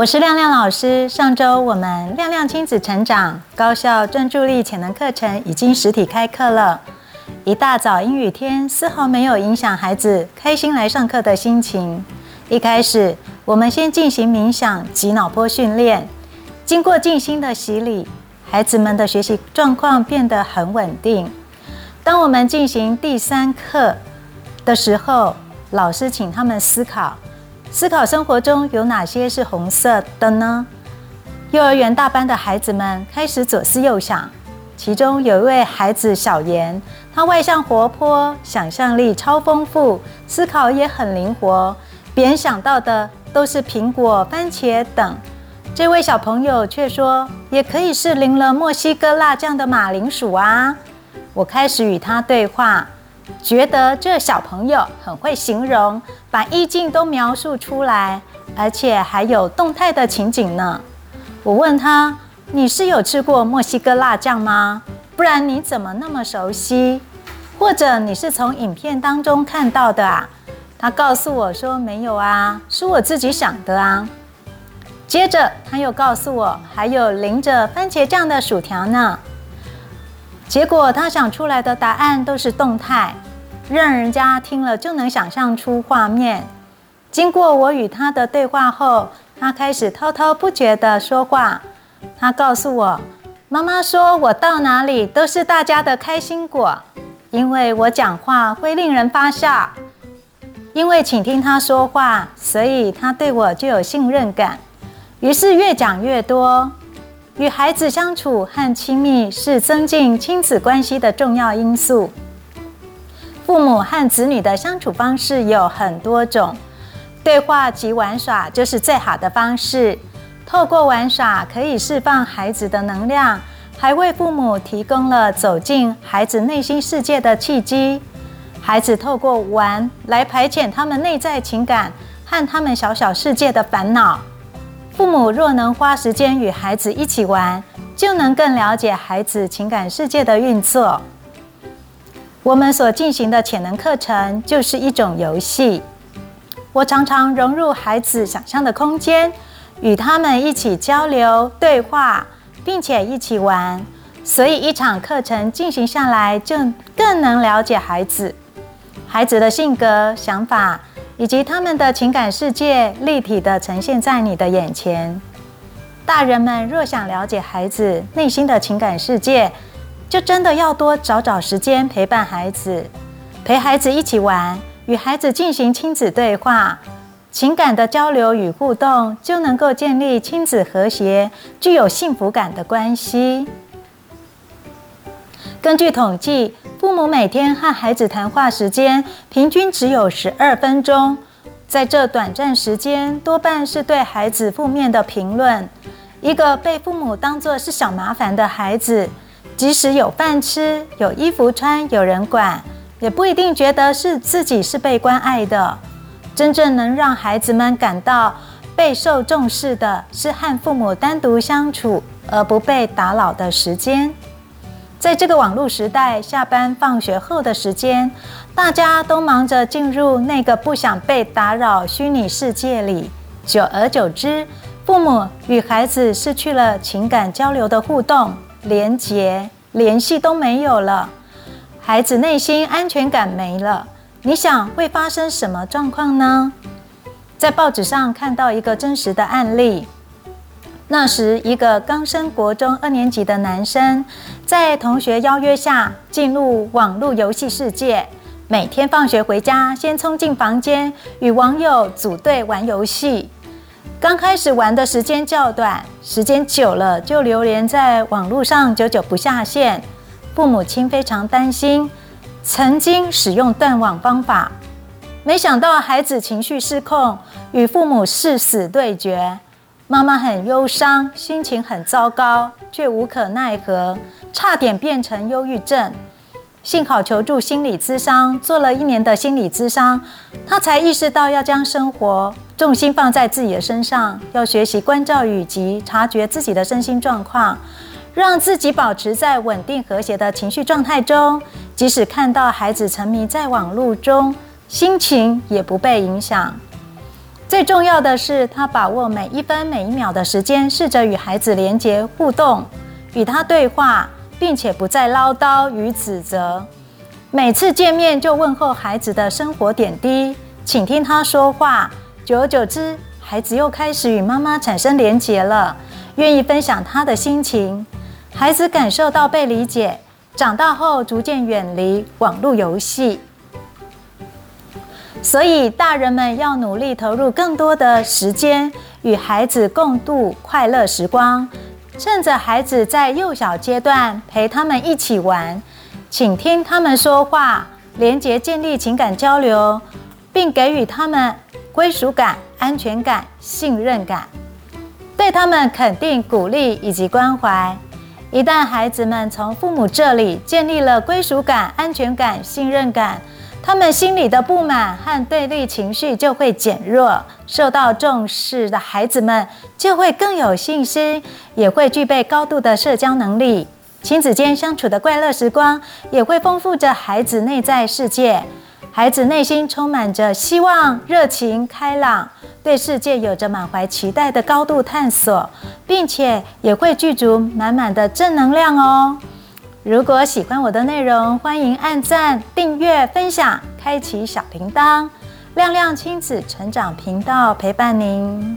我是亮亮老師。上周我們亮亮親子成長高效專注力潛能課程已經實體開課了。一大早陰雨天，絲毫沒有影響孩子開心來上課的心情。一開始，我們先進行冥想及腦波訓練。經過靜心的洗禮，孩子們的學習狀況變得很穩定。當我們進行第三課的時候，老師請他們思考。思考生活中有哪些是紅色的呢？幼兒園大班的孩子們開始左思右想，其中有一位孩子小妍，他外向活潑，想象力超豐富，思考也很靈活。別人想到的都是蘋果、番茄等，這位小朋友卻說，也可以是淋了墨西哥辣醬的馬鈴薯啊。我開始與他對話。覺得這小朋友很會形容，把意境都描述出來，而且還有動態的情景呢。我問他：“你是有吃過墨西哥辣醬嗎？不然你怎麼那麼熟悉？或者你是從影片當中看到的啊？”他告訴我說：“沒有啊，是我自己想的啊。”接着他又告訴我：“還有淋着番茄醬的薯條呢。”結果他想出來的答案都是動態，讓人家聽了就能想象出畫面。經過我與他的對話後，他開始滔滔不絕地說話。他告訴我，媽媽說我到哪裡都是大家的開心果，因為我講話會令人發笑。因為請聽他說話，所以他對我就有信任感，於是越講越多。與孩子相處和親密是增進親子關係的重要因素。父母和子女的相處方式有很多種，對話及玩耍就是最好的方式。透過玩耍，可以釋放孩子的能量，還為父母提供了走進孩子內心世界的契機。孩子透過玩來排遣他們內在情感和他們小小世界的煩惱。父母若能花時間與孩子一起玩，就能更了解孩子情感世界的運作。我們所進行的潛能課程就是一種遊戲。我常常融入孩子想象的空間，與他們一起交流、對話，並且一起玩。所以一場課程進行下來，就更能了解孩子、孩子的性格、想法。以及他們的情感世界立體地呈現在你的眼前。大人們若想了解孩子內心的情感世界，就真的要多找找時間陪伴孩子，陪孩子一起玩，與孩子進行親子對話，情感的交流與互動，就能夠建立親子和諧、具有幸福感的關係。根據統計。父母每天和孩子談話時間平均只有十二分鐘，在這短暫時間，多半是對孩子負面的評論。一個被父母當做是小麻煩的孩子，即使有飯吃、有衣服穿、有人管，也不一定覺得是自己是被關愛的。真正能讓孩子們感到備受重視的，是和父母單獨相處而不被打擾的時間。在這個網絡時代，下班、放學後的時間，大家都忙着進入那個不想被打擾虛擬世界裡。久而久之，父母與孩子失去了情感交流的互動、連結、聯繫都沒有了，孩子內心安全感沒了。你想會發生什麼狀況呢？在報紙上看到一個真實的案例。那時，一個剛升國中二年級的男生，在同學邀約下進入網絡遊戲世界。每天放學回家，先衝進房間，與網友組隊玩遊戲。剛開始玩的時間較短，時間久了就流連在網絡上，久久不下線。父母親非常擔心，曾經使用斷網方法，沒想到孩子情緒失控，與父母誓死對決。媽媽很憂傷，心情很糟糕，卻無可奈何，差點變成憂鬱症。幸好求助心理諮商，做了一年的心理諮商，她才意識到要將生活重心放在自己的身上，要學習關照以及察覺自己的身心狀況，讓自己保持在穩定和諧的情緒狀態中。即使看到孩子沉迷在網絡中，心情也不被影響。最重要的是，他把握每一分每一秒的時間，試着與孩子連接互動，與他對話，並且不再嘮叨與指責。每次見面就問候孩子的生活點滴，請聽他說話。久而久之，孩子又開始與媽媽產生連接了，願意分享他的心情。孩子感受到被理解，長大後逐漸遠離網絡遊戲。所以，大人們要努力投入更多的時間，與孩子共度快樂時光。趁着孩子在幼小階段，陪他們一起玩，請聽他們說話，連結建立情感交流，並給予他們歸屬感、安全感、信任感，對他們肯定、鼓勵以及關懷。一旦孩子們從父母這裡建立了歸屬感、安全感、信任感，他們心裡的不滿和對立情緒就會減弱，受到重視的孩子們就會更有信心，也會具備高度的社交能力。親子間相處的快樂時光也會豐富着孩子內在世界，孩子內心充滿着希望、熱情、開朗，對世界有着滿懷期待的高度探索，並且也會具足滿滿的正能量哦。如果喜歡我的內容，歡迎按讚、訂閱、分享，開啟小鈴鐺。亮亮親子成長頻道陪伴您。